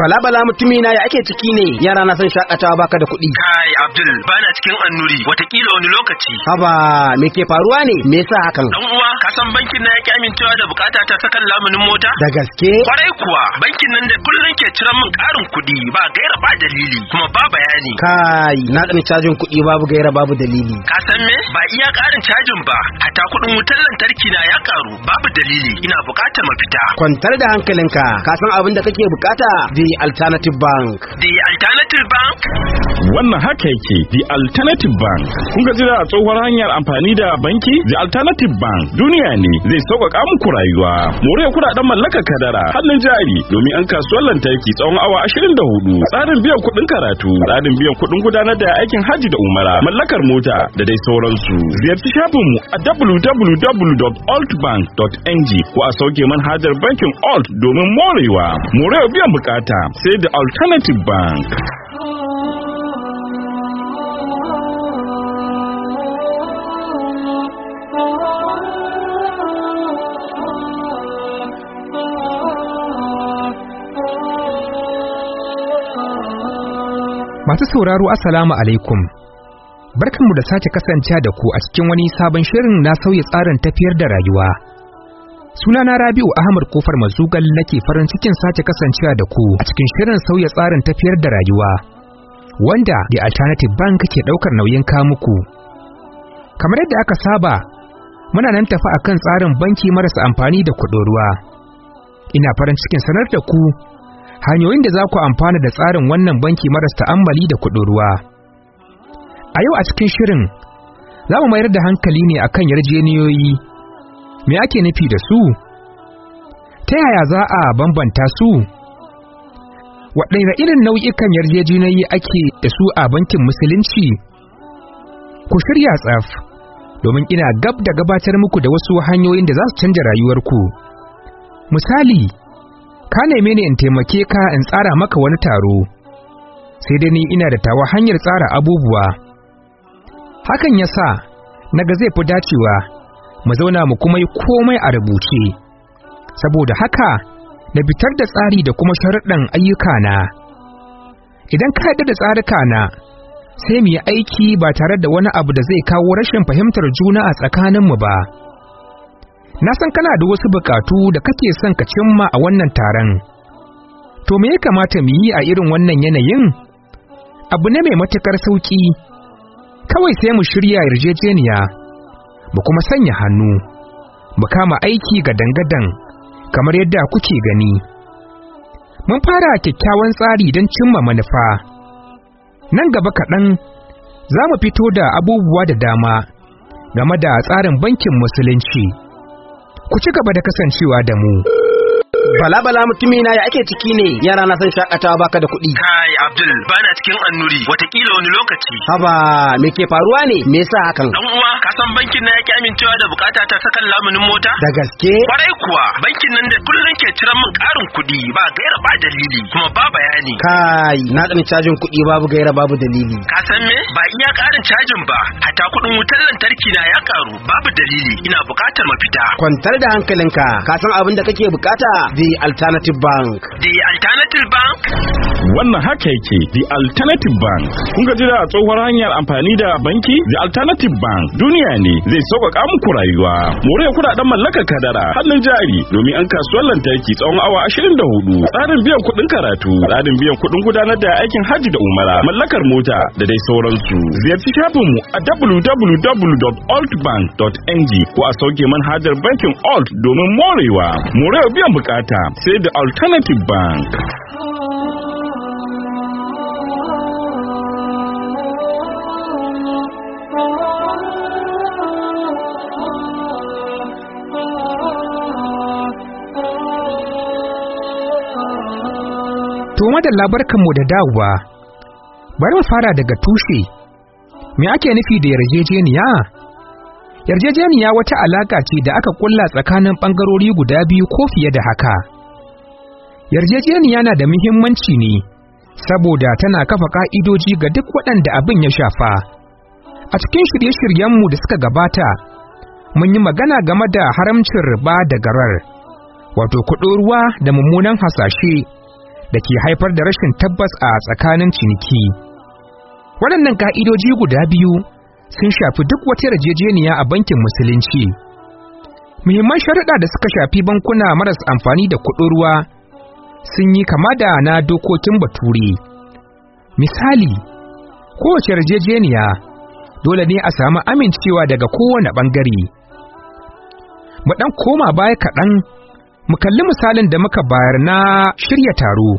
Bala bala mutumi na ya ake ciki ne yara na son shakatawa baka da kuɗi. Kai Abdul bana cikin annuri watakila wani lokaci. Haba me ke faruwa ne me yasa hakan? Dan uwa ka san bankin na yake amincewa da bukata ta sakan lamunin mota? Da gaske. Kwarai kuwa bankin nan da kullun ke ciran min karin kuɗi ba gaira ba dalili kuma ba bayani. Kai na tsani cajin kuɗi babu gaira babu dalili. Ka san me ba iya ƙarin cajin ba hatta kuɗin wutar lantarki na ya karu babu dalili ina bukatar mafita. Kwantar da hankalinka ka san abin da kake bukata zai The Alternative Bank. The Alternative Bank? Wannan haka yake The Alternative Bank. Kun ga a tsohuwar hanyar amfani da banki? The Alternative Bank duniya ne zai sauƙaƙa muku rayuwa. More kuɗaɗen mallaka kadara, hannun jari domin an kasuwar lantarki tsawon awa 24. Tsarin biyan kuɗin karatu, tsarin biyan kuɗin gudanar da aikin hajji da umara, mallakar mota da dai sauransu. Ziyarci shafinmu a www.altbank.ng ko a sauke manhajar bankin Alt domin morewa. More biyan bukata sai da Alternative Bank. Masu sauraro Assalamu alaikum. Barkanmu da sace kasancewa da ku a cikin wani sabon shirin na sauya tsarin tafiyar da rayuwa. Sunana Rabi'u Ahmad Kofar Mazugal nake farin cikin sace kasancewa da ku a cikin shirin sauya tsarin tafiyar da rayuwa wanda The Alternative Bank ke ɗaukar nauyin kamuku. Kamar yadda aka saba, muna nan tafi akan tsarin banki marasa amfani da kuɗin ruwa. Ina farin cikin sanar da ku hanyoyin da za ku amfana da tsarin wannan banki maras ta'ammali da kuɗin ruwa. A yau a cikin shirin za mu mayar da hankali ne akan yarjeniyoyi me ake nufi da su ta yaya za a bambanta su waɗanda irin nau'ikan yarjejeniyoyi ake da su a bankin musulunci ku shirya tsaf domin ina gab da gabatar muku da wasu hanyoyin da za su canja rayuwarku misali ka neme ni in taimake ka in tsara maka wani taro sai dai ni ina da tawa hanyar tsara abubuwa hakan ya sa naga zai fi dacewa mu zauna mu kuma yi komai a rubuce saboda haka na fitar da tsari da kuma sharuɗan ayyuka na idan ka haɗu da tsarika na sai mu yi aiki ba tare da wani abu da zai kawo rashin fahimtar juna a tsakaninmu ba na san kana da wasu bukatu da kake son ka cimma a wannan taron to me ya kamata mu yi a irin wannan yanayin abu ne mai matuƙar sauƙi. kawai sai mu shirya yarjejeniya mu kuma sanya hannu mu kama aiki ga dangadan kamar yadda kuke gani mun fara kyakkyawan tsari don cimma manufa nan gaba kaɗan za mu fito da abubuwa da dama game da tsarin bankin musulunci ku ci gaba da kasancewa da mu. bala bala mutumi na ya ake ciki ne yara na san shakatawa baka da kuɗi kai abdul bana cikin annuri watakila wani lokaci haba me ke faruwa ne me yasa hakan dan uwa ka san bankin na yake amincewa da bukata ta sakan lamunin mota da gaske kwarai kuwa bankin nan da kullun ke ciran min karin kuɗi ba gaira ba dalili kuma ba bayani kai na tsani cajin kuɗi babu gaira babu dalili ka san me ba iya karin cajin ba hata kuɗin wutar lantarki na ya karu babu dalili ina bukatar mafita kwantar da hankalinka ka san abin da kake bukata the alternative bank. The alternative bank? wannan haka yake the alternative bank kun gaji a tsohuwar hanyar amfani da banki the alternative bank duniya ne zai sauƙaƙa muku rayuwa more kuɗaɗen mallakar kadara hannun jari domin an kasuwar lantarki tsawon awa ashirin da hudu tsarin biyan kuɗin karatu tsarin biyan kuɗin gudanar da aikin hajji da umara mallakar mota da dai sauransu ziyarci mu a www.altbank.ng ko a sauke manhajar bankin alt domin morewa morewa biyan bukata sai da alternative bank To madalla barkanmu da dawowa. Bari mu fara daga tushe. Me ake nufi da yarjejeniya? Yarjejeniya wata alaƙa ce da aka kulla tsakanin ɓangarori guda biyu ko fiye da haka. Yarjejeniya na da muhimmanci ne, saboda tana kafa ƙa'idoji ga duk waɗanda abin ya shafa. A cikin shirye-shiryenmu da suka gabata, mun yi magana game da haramcin riba da garar, wato kuɗin ruwa da mummunan hasashe. da ke haifar da rashin tabbas a tsakanin ciniki waɗannan ka'idoji guda biyu sun shafi duk wata yarjejeniya a bankin musulunci muhimman sharuɗa da suka shafi bankuna maras amfani da kuɗin ruwa sun yi kama da na dokokin bature misali kowace yarjejeniya dole ne a samu amincewa daga kowane ɓangare mu koma baya kaɗan mu kalli misalin da muka bayar na shirya taro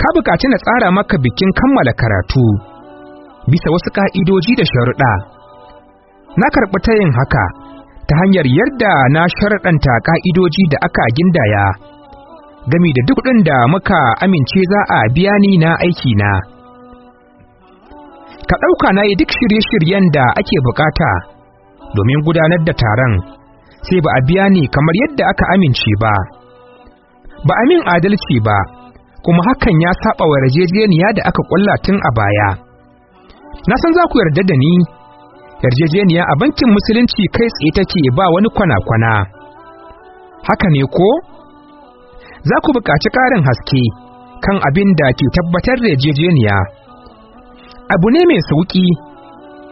ka bukaci na tsara maka bikin kammala karatu bisa wasu ka'idoji da sharuɗa na karɓi ta yin haka ta hanyar yadda na sharaɗanta ka'idoji da aka gindaya gami da duk ɗin da muka amince za a biya ni na aiki na ka ɗauka na yi duk shirye-shiryen da ake buƙata domin gudanar da taron sai ba a biya ne kamar yadda aka amince ba ba a min adalci ba kuma hakan ya saba wa yarjejeniya da aka kulla tun a baya na san za ku yarda da ni yarjejeniya a bankin musulunci kai tsaye take ba wani kwana-kwana haka ne ko za ku buƙaci ƙarin haske kan abin da ke tabbatar da yarjejeniya abu ne mai sauƙi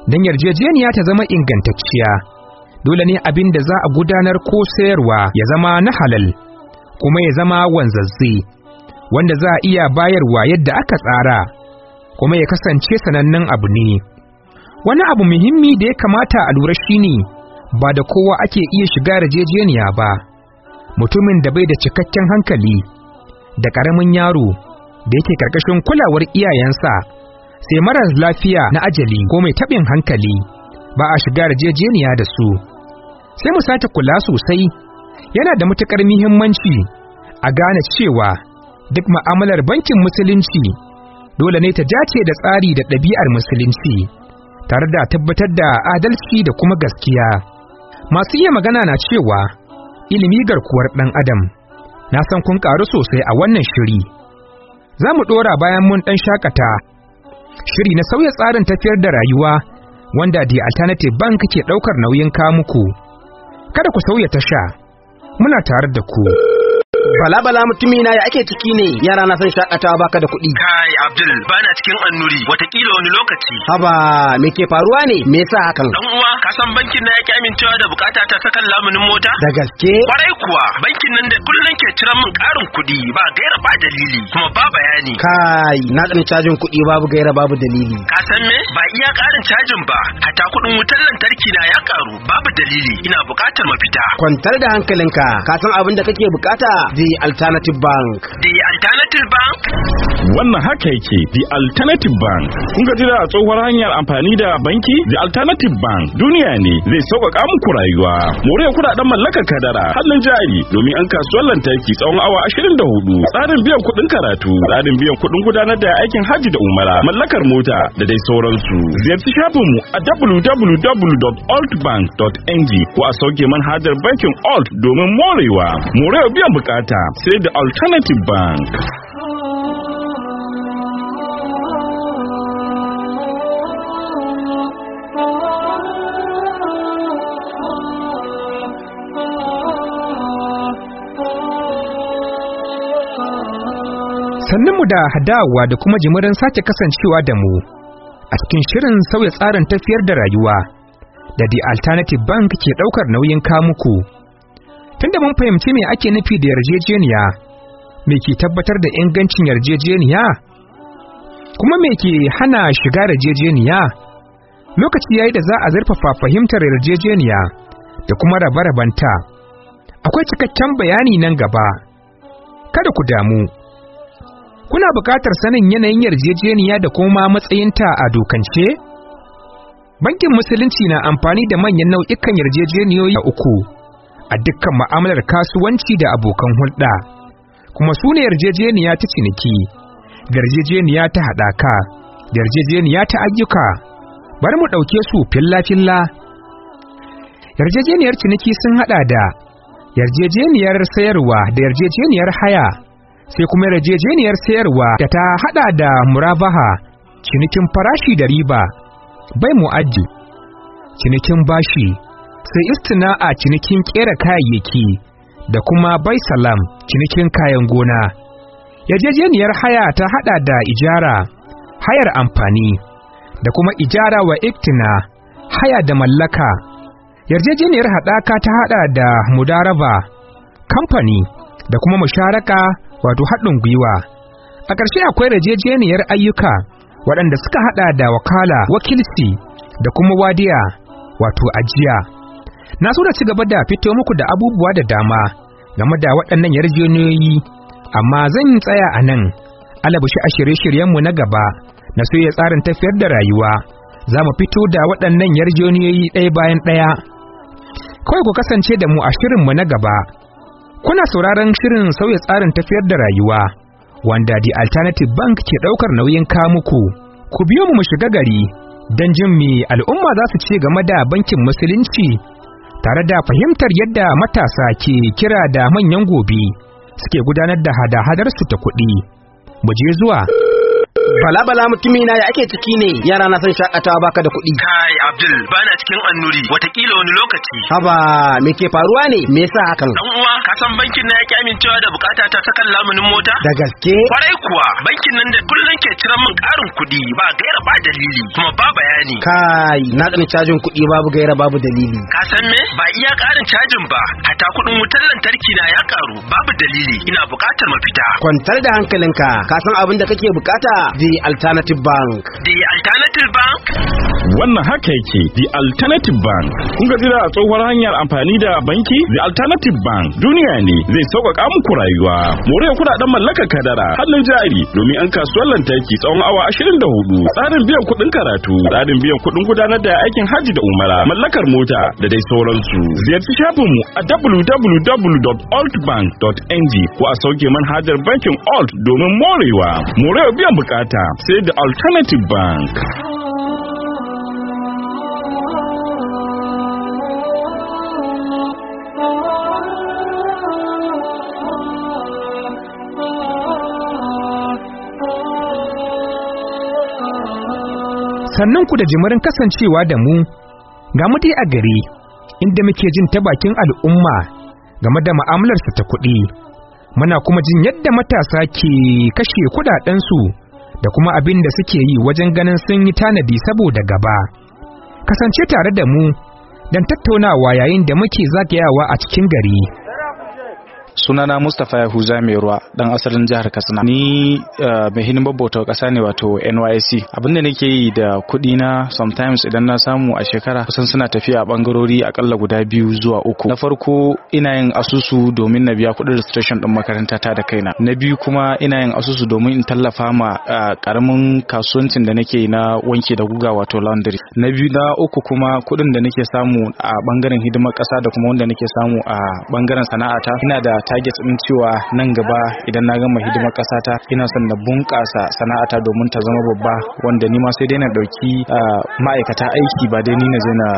don yarjejeniya ta zama ingantacciya dole ne abin da za a gudanar ko sayarwa ya zama na halal kuma ya zama wanzazze wanda za a iya bayarwa yadda aka tsara kuma ya kasance sanannen abu ne wani abu muhimmi da ya kamata a lura shi ne ba da kowa ake iya shiga yarjejeniya ba mutumin da bai da cikakken hankali da ƙaramin yaro da yake ƙarƙashin kulawar iyayensa sai maras lafiya na ajali ko mai taɓin hankali ba a shiga yarjejeniya da su sai mu sake kula sosai yana da matuƙar muhimmanci a gane cewa duk ma'amalar bankin musulunci dole ne ta jace da tsari da ɗabi'ar musulunci tare da tabbatar da adalci da kuma gaskiya masu iya magana na cewa ilimi garkuwar ɗan adam na san kun ƙaru sosai a wannan shiri za mu ɗora bayan mun ɗan shakata shiri na sauya tsarin tafiyar da rayuwa wanda the alternative bank ke ɗaukar nauyin kamuku muku kada ku sauya tasha muna tare da ku. Bala bala mutumi na ya ake ciki ne yara na san shakatawa baka da kuɗi. Kai Abdul bana cikin annuri watakila wani lokaci. Haba me ke faruwa ne me yasa hakan? Dan uwa ka san bankin na yake amincewa da bukata ta ta lamunin mota? Da gaske. Kwarai kuwa bankin nan da kullun ke ciran min karin kuɗi ba gaira ba dalili kuma ba bayani. Kai na tsani cajin kuɗi babu gaira babu dalili. Ka san me ba iya karin cajin ba hatta kuɗin wutar lantarki na ya karu babu dalili ina bukatar mafita. Kwantar da hankalinka ka san abin da kake bukata The Alternative Bank. The Alternative Bank? Wannan haka yake The Alternative Bank. Kun gaji a tsohuwar hanyar amfani da banki? The Alternative Bank duniya ne zai sauƙaƙa muku rayuwa. More kuɗaɗen mallaka kadara, hannun jari domin an kasuwar lantarki tsawon awa 24, tsarin biyan kuɗin karatu, tsarin biyan kuɗin gudanar da aikin hajji da umara, mallakar mota da dai sauransu. Ziyarci shafinmu a www.altbank.ng ko a sauke manhajar bankin Alt domin morewa. Morewa biyan bukata bukata sai da alternative bank sannan da hadawa da kuma jimirin sake kasancewa da mu a cikin shirin sauya tsarin tafiyar da rayuwa da The Alternative Bank ke ɗaukar nauyin kamuku. tunda mun fahimci me ake nufi da yarjejeniya me ke tabbatar da ingancin yarjejeniya kuma me ke hana shiga yarjejeniya lokaci yayi da za a zurfafa fahimtar yarjejeniya da kuma rabe-rabenta akwai cikakken bayani nan gaba kada ku damu kuna buƙatar sanin yanayin yarjejeniya da kuma matsayinta a dokance bankin musulunci na amfani da manyan nau'ikan yarjejeniyoyi uku a dukkan ma'amalar kasuwanci da abokan hulɗa kuma su ne yarjejeniya ta ciniki yarjejeniya ta haɗaka yarjejeniya ta ayyuka bari mu ɗauke su filla-filla yarjejeniyar ciniki sun haɗa da yarjejeniyar sayarwa da yarjejeniyar haya sai kuma yarjejeniyar sayarwa da ta haɗa da murabaha cinikin farashi da riba bai mu'addi cinikin bashi sai a cinikin kera kayayyaki da kuma bai salam cinikin kayan gona yarjejeniyar haya ta hada da ijara hayar amfani da kuma ijara wa iftina haya da mallaka yarjejeniyar haɗaka ta hada da mudaraba kamfani da kuma musharaka wato haɗin gwiwa a ƙarshe akwai yarjejeniyar ayyuka waɗanda suka hada da wakala wakilci da kuma wadiya wato ajiya na so na ci gaba da fito muku da abubuwa da dama game da waɗannan yarjejeniyoyi amma zan tsaya a nan alabashi a shirye-shiryenmu na gaba na soya tsarin tafiyar da rayuwa za mu fito da waɗannan yarjejeniyoyi ɗaya bayan ɗaya kawai ku kasance da mu a shirinmu na gaba kuna sauraron shirin sauya tsarin tafiyar da rayuwa wanda the alternative bank ke ɗaukar nauyin kamuku ku biyo mu mu shiga gari don jin me al'umma za su ce game da bankin musulunci tare da fahimtar yadda matasa ke kira da manyan gobe suke gudanar da hada-hadarsu ta kuɗi. Mu je zuwa bala bala mutumi na ya ake ciki ne yara na san shakatawa baka da kuɗi kai abdul bana cikin annuri watakila wani lokaci haba me ke faruwa ne me yasa hakan dan uwa ka san bankin na yake amincewa da bukata ta sakan lamunin mota da gaske kwarai kuwa bankin nan da kullun ke ciran min karin kuɗi ba gaira ba dalili kuma ba bayani kai na tsani cajin kuɗi babu gaira babu dalili ka san me ba iya karin cajin ba hata kuɗin wutar lantarki na ya karu babu dalili ina bukatar mafita kwantar da hankalinka ka san abin da kake bukata The Alternative Bank. The Alternative Bank? Wannan haka yake The Alternative Bank. Kun ga a tsohuwar hanyar amfani da banki? The Alternative Bank duniya ne zai sauƙaƙa muku rayuwa. More kuɗaɗen mallakar kadara, hannun jari domin an kasuwar lantarki tsawon awa ashirin da 24, tsarin biyan kuɗin karatu, tsarin biyan kuɗin gudanar da aikin hajji da umara, mallakar mota da dai sauransu. Ziyarci shafinmu a www.altbank.ng ko a sauke manhajar bankin Alt domin morewa. More biyan buƙatu. bukata sai da alternative bank sannan ku da jimirin kasancewa da mu ga mu a gari inda muke jin ta bakin al'umma game da ma'amalarsa ta kuɗi muna kuma jin yadda matasa ke kashe kuɗaɗensu da kuma abin da suke yi wajen ganin sun yi tanadi saboda gaba. Kasance tare da mu don tattaunawa yayin da muke zagayawa a cikin gari. sunana mustapha yahuza mai ruwa dan asalin jihar katsina ni eh, mai hinin babbauta kasa ne wato nysc abinda nake yi da kuɗi na sometimes idan na samu a shekara kusan suna tafiya a bangarori akalla guda biyu zuwa uku na farko ina yin asusu domin na biya kuɗin registration din makaranta ta da kaina na biyu kuma ina yin asusu domin in tallafa ma karamin eh, kasuwancin da nake na wanke da guga wato laundry na biyu na uku kuma kuɗin da nake samu a bangaren hidimar kasa da kuma wanda nake samu a bangaren sana'ata ina da targets din cewa nan gaba idan na gama hidimar ƙasata ta ina son na bunƙasa sana'ata domin ta zama babba wanda ni ma sai dai na ɗauki ah, ma'aikata aiki ba dai ni na zai na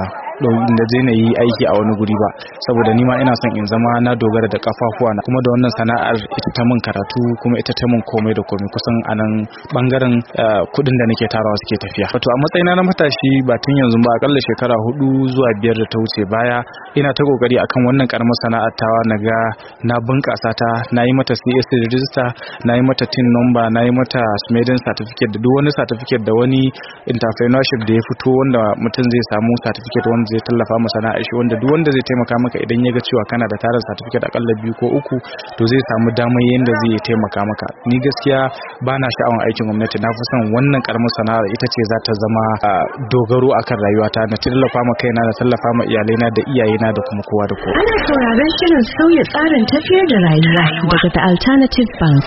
da zai na yi aiki a wani guri ba saboda ni ma ina son in zama na dogara da kafafuwa na kuma da wannan sana'ar ita ta min karatu kuma ita ta min komai da komai kusan a nan bangaren eh, kuɗin da nake tarawa suke tafiya wato a matsayina na matashi ba tun yanzu ba akalla shekara hudu zuwa biyar da ta wuce baya ina ta kokari akan wannan karamar sana'ar tawa na ga na bunƙasa ta na yi mata CSC register na yi mata tin number na yi mata maiden certificate da duk wani certificate da wani entrepreneurship da ya fito wanda mutum zai samu certificate zai tallafa ma sana'a shi wanda duk wanda zai taimaka maka idan ya ga cewa kana da tarin a akalla biyu ko uku to zai samu damar yadda zai taimaka maka ni gaskiya ba na sha'awar aikin gwamnati na fi son wannan karamar sana'ar ita ce za ta zama dogaro akan rayuwata na tallafa ma kaina na tallafa ma iyalaina da iyayena da kuma kowa da kowa ana sauraron shirin sauya tsarin tafiyar da rayuwa daga the alternative bank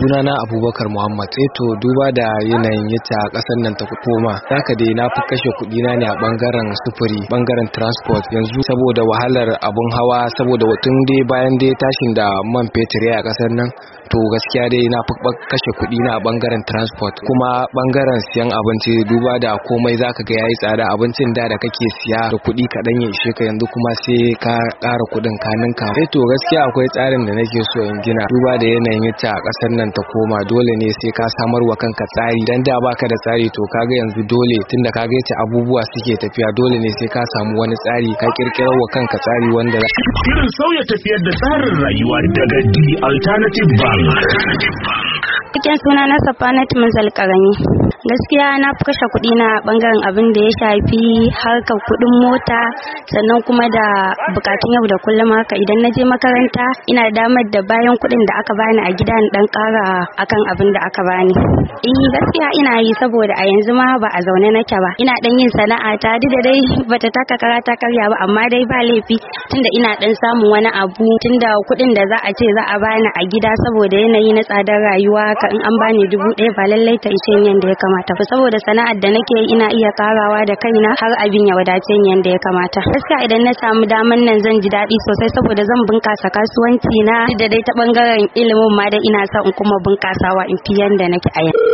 sunana abubakar muhammad eto eh duba da yanayin yata kasar nan ta koma zaka dai na fi kashe kuɗi na ne a bangaren sufuri wuri bangaren transport yanzu saboda wahalar abun hawa saboda tun dai bayan dai tashin da man fetur ya a kasar nan to gaskiya dai na fi kashe kuɗi na bangaren transport kuma bangaren siyan abinci duba da komai zaka ga yayi tsada abincin da da kake siya da kuɗi kaɗan ya ishe ka yanzu kuma sai ka ƙara kuɗin ka ninka Sai eh to gaskiya akwai tsarin da nake so in gina duba da yanayin yacce a ƙasar nan ta koma dole ne sai ka samar wa kanka tsari dan da baka da tsari to kaga yanzu dole tunda ga yace abubuwa suke tafiya dole ne sai ka samu wani tsari ka kirkirar wa kanka tsari wanda kiran sauya tafiyar da tsarin rayuwa daga The Alternative Bank Банда. Cikin suna na Safanat Manzal Karami. Gaskiya na fi kashe kuɗi na bangaren abin da ya shafi harkar kuɗin mota sannan kuma da bukatun yau da kullum haka idan na je makaranta ina damar da bayan kuɗin da aka bani a gida dan ƙara akan abin da aka bani. Eh gaskiya ina yi saboda a yanzu ma ba a zaune nake ba. Ina dan yin sana'a ta da dai bata taka kara ta karya ba amma dai ba laifi tunda ina dan samun wani abu tunda kuɗin da za a ce za a bani a gida saboda yanayi na tsadar rayuwa haka in an bani dubu ɗaya ba lallai ta ishe ni yanda ya kamata ba saboda sana'ar da nake ina iya karawa da kaina har abin ya wadace ni yanda ya kamata gaskiya idan na samu daman nan zan ji daɗi sosai saboda zan bunkasa kasuwanci na da dai ta bangaren ilimin ma da ina sa in kuma bunkasawa in fi yanda nake a yanzu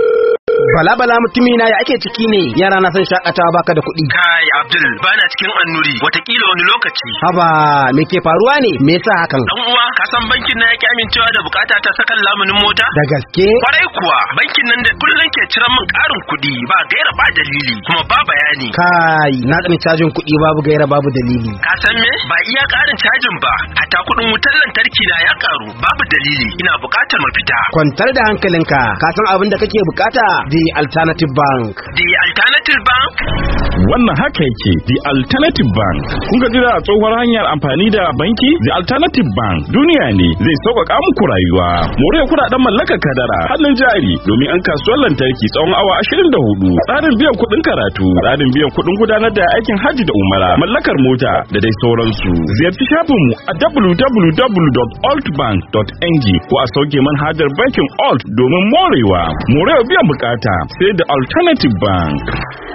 Bala bala mutumi na ya ake ciki ne yara na san shakatawa baka da kuɗi. Kai Abdul bana cikin annuri watakila wani lokaci. Haba me ke faruwa ne me yasa hakan? Dan uwa ka san bankin na yake amincewa da bukata ta sakan lamunin mota? Da gaske. Kwarai kuwa bankin nan da kullun ke ciran min karin kuɗi ba gaira ba dalili kuma ba bayani. Kai na tsani cajin kuɗi babu gaira babu dalili. Ka san me? Ba iya karin cajin ba hatta kuɗin wutar lantarki na ya karu babu dalili ina buƙatar mafita. Kwantar da hankalinka ka san abin da kake bukata da The Alternative Bank. The Alternative Bank? Wannan haka yake The Alternative Bank. Kun ga jira tsohuwar hanyar amfani da banki? The Alternative Bank duniya ne zai sauƙaƙa muku rayuwa. More kuɗaɗen mallakar kadara, hannun jari domin an kasuwar lantarki tsawon awa 24. Tsarin biyan kuɗin karatu, tsarin biyan kuɗin gudanar da aikin hajji da umara, mallakar mota da dai sauransu. Ziyarci mu a www.altbank.ng ko a sauke manhajar bankin Alt domin morewa. Morewa biyan bukata sai da Alternative Bank.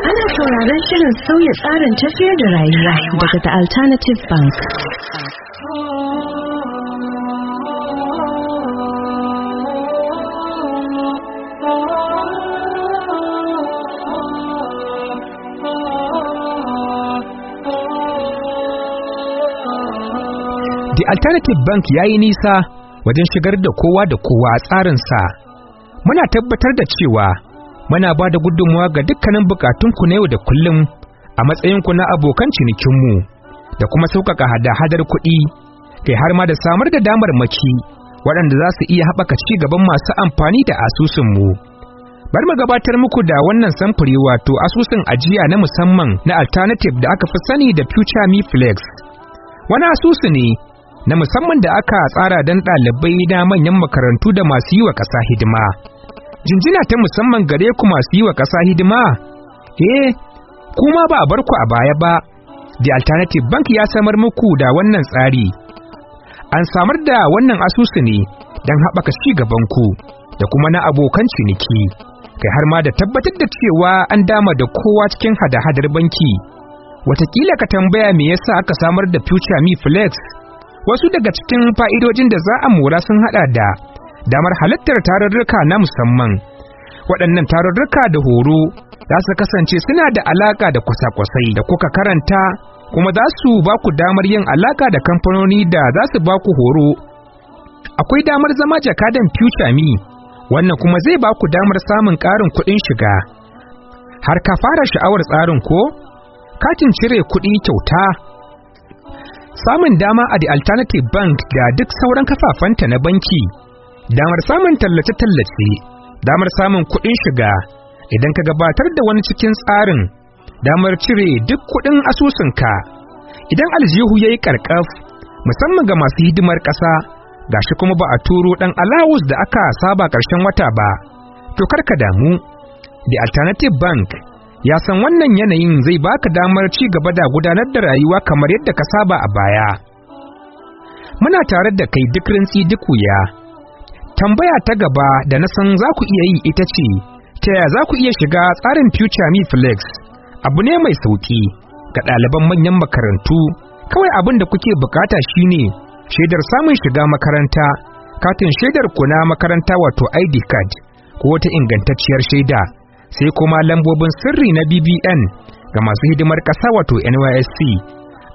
Ana sauraron shirin sauya tsarin tafiyar da rayuwa daga The Alternative Bank. The Alternative Bank ya yi nisa wajen shigar da kowa da kowa tsarinsa. Muna tabbatar da cewa muna ba da gudunmuwa ga dukkanin bukatunku na yau da kullum a matsayinku na abokan cinikinmu da kuma sauƙaƙa hada-hadar kuɗi kai har ma da samar da damar maki waɗanda za su iya haɓaka ci gaban masu amfani da asusunmu. Bari mu gabatar muku da wannan samfuri wato asusun ajiya na musamman na alternative da aka fi sani da Future Me Flex. Wani asusu ne na musamman da aka tsara don ɗalibai na manyan makarantu da masu yi wa ƙasa hidima. jinjina ta musamman gare ku masu yi wa ƙasa hidima eh kuma ba a bar ku a baya ba the alternative bank ya samar muku da wannan tsari an samar da wannan asusu ne don haɓaka ci ku. da kuma na abokan ciniki kai har ma da tabbatar da cewa an dama da kowa cikin hada-hadar banki Wataƙila ka tambaya me yasa aka samar da future me flex wasu daga cikin fa'idojin da za a mora sun haɗa da damar halittar tarurruka na musamman waɗannan tarurruka da horo za su kasance suna da alaƙa da kwasa-kwasai da kuka karanta kuma za su ba ku damar yin alaƙa da kamfanoni da za su ba ku horo akwai damar zama jakadan future me wannan kuma zai ba ku damar samun ƙarin kuɗin shiga har ka fara sha'awar tsarin ko katin cire kuɗi kyauta samun dama a the alternative bank da duk sauran kafafanta na banki damar samun tallace-tallace damar samun kuɗin shiga idan ka gabatar da wani cikin tsarin damar cire duk kuɗin asusunka idan aljihu ya yi ƙarƙaf musamman ga masu hidimar ƙasa shi kuma ba a turo ɗan alawus da aka saba ƙarshen wata ba to kar ka damu the alternative bank ya san wannan yanayin zai baka damar ci gaba da gudanar da rayuwa kamar yadda ka saba a baya muna tare da kai duk rintsi duk wuya tambaya ta gaba da na san za ku iya yi ita ce ta yaya za ku iya shiga tsarin future me flex abu ne mai sauki ga ɗaliban manyan makarantu kawai abin da kuke bukata shine shaidar samun shiga makaranta katin shaidar ku makaranta wato id card ko wata ingantacciyar shaida sai kuma lambobin sirri na bbn ga masu hidimar ƙasa wato nysc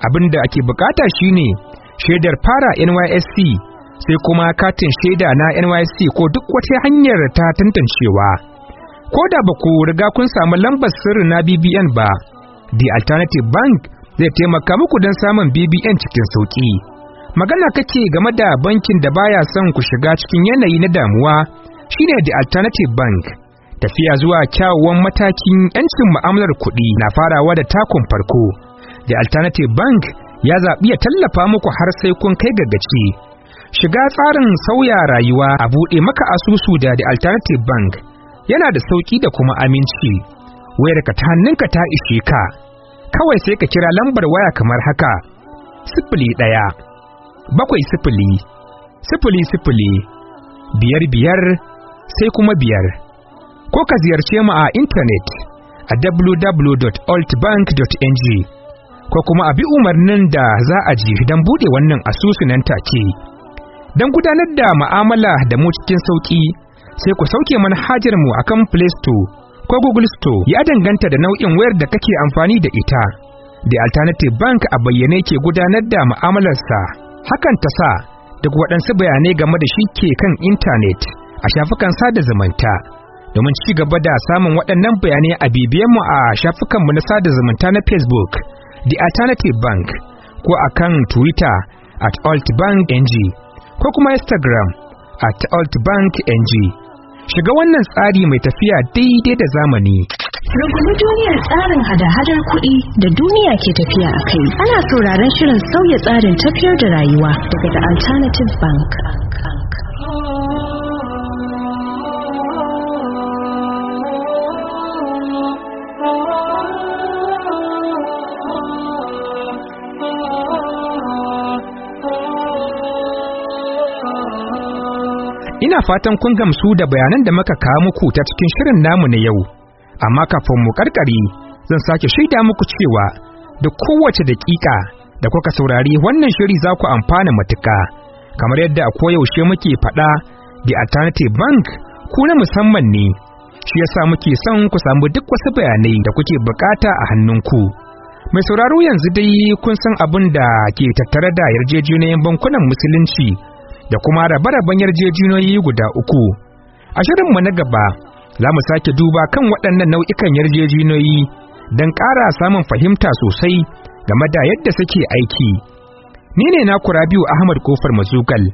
abin da ake bukata shine shaidar fara nysc sai kuma katin shaida na NYC ko duk wata hanyar ta tantancewa. Ko da ba ku riga kun samu lambar sirri na BBN ba, The Alternative Bank zai taimaka muku don samun BBN cikin sauƙi. Magana kake game da bankin da baya son ku shiga cikin yanayi na damuwa shine The Alternative Bank. Tafiya zuwa kyawawan matakin 'yancin mu'amalar kuɗi na farawa da takun farko. The Alternative Bank ya zaɓi ya tallafa muku har sai kun kai ga gaci. Shiga tsarin sauya rayuwa a buɗe maka asusu da The Alternative Bank yana da sauƙi da kuma aminci. Wayarka ta hannunka ta ishe ka. Kawai sai ka kira lambar waya kamar haka. Sifili ɗaya, bakwai sifili, sifili sifili, biyar biyar, sai kuma biyar. Ko ka ziyarce mu a intanet a www.altbank.ng ko kuma a bi umarnin da za a ji don buɗe wannan asusu nan take. don gudanar da ma'amala da mu cikin sauƙi sai ku sauke manhajar mu akan Play Store ko Google Store ya danganta da nau'in wayar da kake amfani da ita. Da Alternative Bank a bayyane ke gudanar da ma'amalarsa hakan ta sa duk waɗansu bayanai game da shi ke kan intanet a shafukan sada zumunta. Domin ci gaba da samun waɗannan bayanai a mu a shafukan mu na sada zumunta na Facebook, The Alternative Bank, ko akan Twitter at altbankng. ko kuma Instagram at altbankng. Shiga wannan tsari mai tafiya daidai da zamani. Rungumi duniyar tsarin hada-hadar kuɗi da duniya ke tafiya a kai. Ana sauraron shirin sauya tsarin tafiyar da rayuwa daga The Alternative Bank. ina fatan kun gamsu da bayanan da muka kawo muku ta cikin shirin namu na yau amma kafin mu karkare zan sake shaida muku cewa da kowace daƙiƙa da kuka saurari wannan shiri za ku amfana matuka kamar yadda a koyaushe muke faɗa the alternative bank ku na musamman ne shi yasa muke son ku samu duk wasu bayanai da kuke bukata a hannunku mai sauraro yanzu dai kun san abin da ke tattare da yarjejeniyar bankunan musulunci da kuma rabe-raben yarjejeniyoyi guda uku. A shirin shirinmu na gaba za mu sake duba kan waɗannan nau'ikan yarjejeniyoyi don ƙara samun fahimta sosai game da yadda suke aiki. Ni ne naku Rabiu Ahmad Kofar Mazugal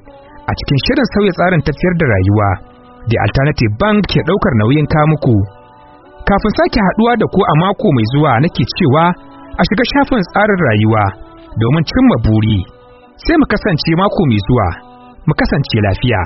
a cikin shirin sauya tsarin tafiyar da rayuwa da Alternative Bank ke ɗaukar nauyin kamuku. Kafin sake haɗuwa da ku a mako mai zuwa nake cewa a shiga shafin tsarin rayuwa domin cimma buri. Sai mu kasance mako mai zuwa. mu kasance lafiya.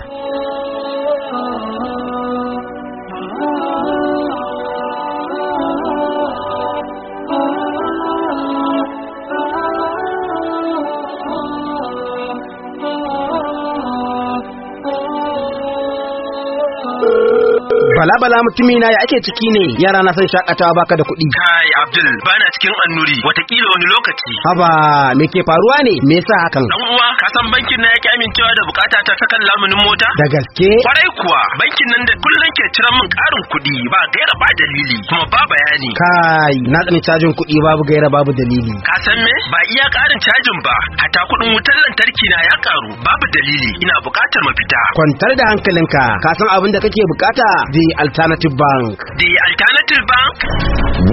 balabala mutumi na ya ake ciki ne yara na san shakatawa baka da kuɗi kai abdul bana cikin annuri watakila wani lokaci haba me ke faruwa ne me yasa hakan dan uwa ka san bankin na yake amincewa da bukata ta sakan lamunin mota da gaske kwarai kuwa bankin nan da kullun ke ciran min karin kuɗi ba gaira ba dalili kuma ba bayani kai na tsani cajin kuɗi babu gaira babu dalili ka san me ba iya karin cajin ba hata kuɗin wutar lantarki na ya karu babu dalili ina bukatar mafita kwantar da hankalinka ka san abin da kake bukata zai Alternative Bank. The Alternative Bank?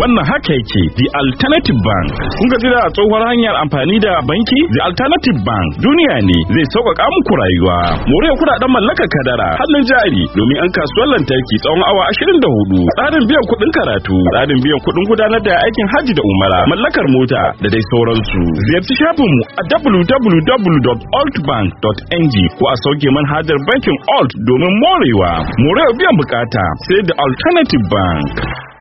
Wannan haka yake The Alternative Bank. Kun ga da tsohuwar hanyar amfani da banki? The Alternative Bank duniya ne zai sauƙaƙa muku rayuwa. More kuɗaɗen mallakar kadara, hannun jari domin an kasuwar lantarki tsawon awa ashirin da 24, tsarin biyan kuɗin karatu, tsarin biyan kuɗin gudanar da aikin hajji da umara, mallakar mota da dai sauransu. Ziyarci mu a www.altbank.ng ko a sauke manhajar bankin Alt domin morewa. More biyan bukata. Said the Alternative Bank.